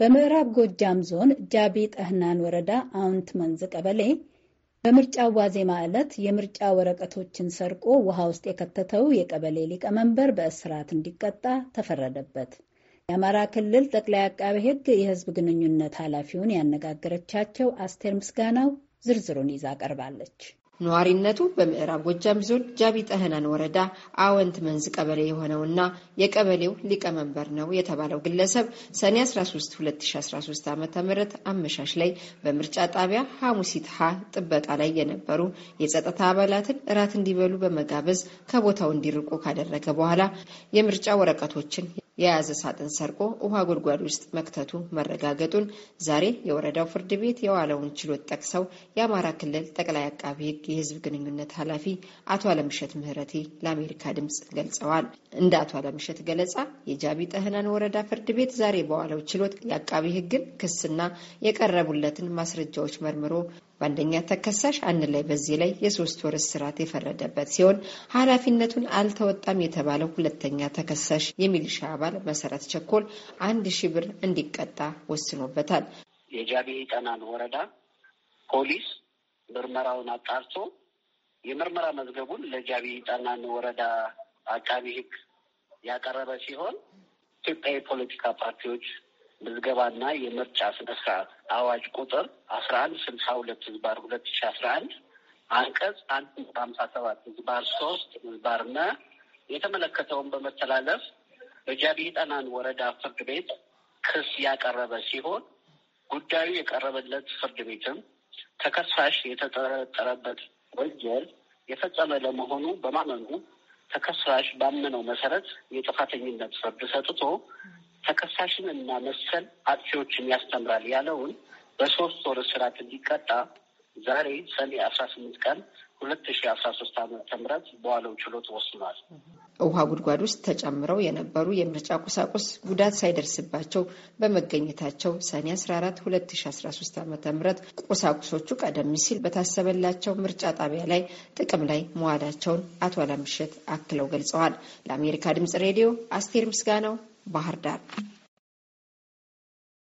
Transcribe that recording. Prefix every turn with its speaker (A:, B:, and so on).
A: በምዕራብ ጎጃም ዞን ጃቢ ጠህናን ወረዳ አውንት መንዝ ቀበሌ በምርጫ ዋዜማ ዕለት የምርጫ ወረቀቶችን ሰርቆ ውሃ ውስጥ የከተተው የቀበሌ ሊቀመንበር በእስራት እንዲቀጣ ተፈረደበት። የአማራ ክልል ጠቅላይ አቃቤ ሕግ የሕዝብ ግንኙነት ኃላፊውን ያነጋገረቻቸው አስቴር ምስጋናው ዝርዝሩን ይዛ ቀርባለች። ነዋሪነቱ በምዕራብ ጎጃም ዞን ጃቢ ጠህናን ወረዳ አወንት
B: መንዝ ቀበሌ የሆነውና የቀበሌው ሊቀመንበር ነው የተባለው ግለሰብ ሰኔ 13 2013 ዓ ም አመሻሽ ላይ በምርጫ ጣቢያ ሐሙሲት ሀ ጥበቃ ላይ የነበሩ የጸጥታ አባላትን እራት እንዲበሉ በመጋበዝ ከቦታው እንዲርቁ ካደረገ በኋላ የምርጫ ወረቀቶችን የያዘ ሳጥን ሰርቆ ውሃ ጉድጓድ ውስጥ መክተቱ መረጋገጡን ዛሬ የወረዳው ፍርድ ቤት የዋለውን ችሎት ጠቅሰው የአማራ ክልል ጠቅላይ አቃቢ ሕግ የህዝብ ግንኙነት ኃላፊ አቶ አለምሸት ምህረቴ ለአሜሪካ ድምፅ ገልጸዋል። እንደ አቶ አለምሸት ገለጻ የጃቢ ጠህናን ወረዳ ፍርድ ቤት ዛሬ በዋለው ችሎት የአቃቢ ሕግን ክስና የቀረቡለትን ማስረጃዎች መርምሮ በአንደኛ ተከሳሽ አንድ ላይ በዚህ ላይ የሶስት ወር እስራት የፈረደበት ሲሆን ኃላፊነቱን አልተወጣም የተባለው ሁለተኛ ተከሳሽ የሚሊሻ አባል አባል መሰረት ቸኮል አንድ ሺህ ብር እንዲቀጣ ወስኖበታል።
C: የጃቢ ጠናን ወረዳ ፖሊስ ምርመራውን አጣርቶ የምርመራ መዝገቡን ለጃቢ ጠናን ወረዳ አቃቢ ሕግ ያቀረበ ሲሆን ኢትዮጵያ የፖለቲካ ፓርቲዎች ምዝገባና የምርጫ ስነስርዓት አዋጅ ቁጥር አስራ አንድ ስልሳ ሁለት ህዝባር ሁለት ሺ አስራ አንድ አንቀጽ አንድ ሀምሳ ሰባት ህዝባር ሶስት ህዝባርና የተመለከተውን በመተላለፍ በጃቢ ጠናን ወረዳ ፍርድ ቤት ክስ ያቀረበ ሲሆን ጉዳዩ የቀረበለት ፍርድ ቤትም ተከሳሽ የተጠረጠረበት ወንጀል የፈጸመ ለመሆኑ በማመኑ ተከሳሽ ባመነው መሰረት የጥፋተኝነት ፍርድ ሰጥቶ ተከሳሽን እና መሰል አጥፊዎችን ያስተምራል ያለውን በሶስት ወር እስራት እንዲቀጣ ዛሬ ሰኔ አስራ ስምንት ቀን ሁለት ሺ አስራ ሶስት ዓመተ ምህረት በዋለው ችሎት ወስኗል።
B: ውሃ ጉድጓድ ውስጥ ተጨምረው የነበሩ የምርጫ ቁሳቁስ ጉዳት ሳይደርስባቸው በመገኘታቸው ሰኔ 14 2013 ዓ ም ቁሳቁሶቹ ቀደም ሲል በታሰበላቸው ምርጫ ጣቢያ ላይ ጥቅም ላይ መዋላቸውን አቶ አላምሸት አክለው ገልጸዋል።
C: ለአሜሪካ ድምጽ ሬዲዮ አስቴር ምስጋናው ባህር ዳር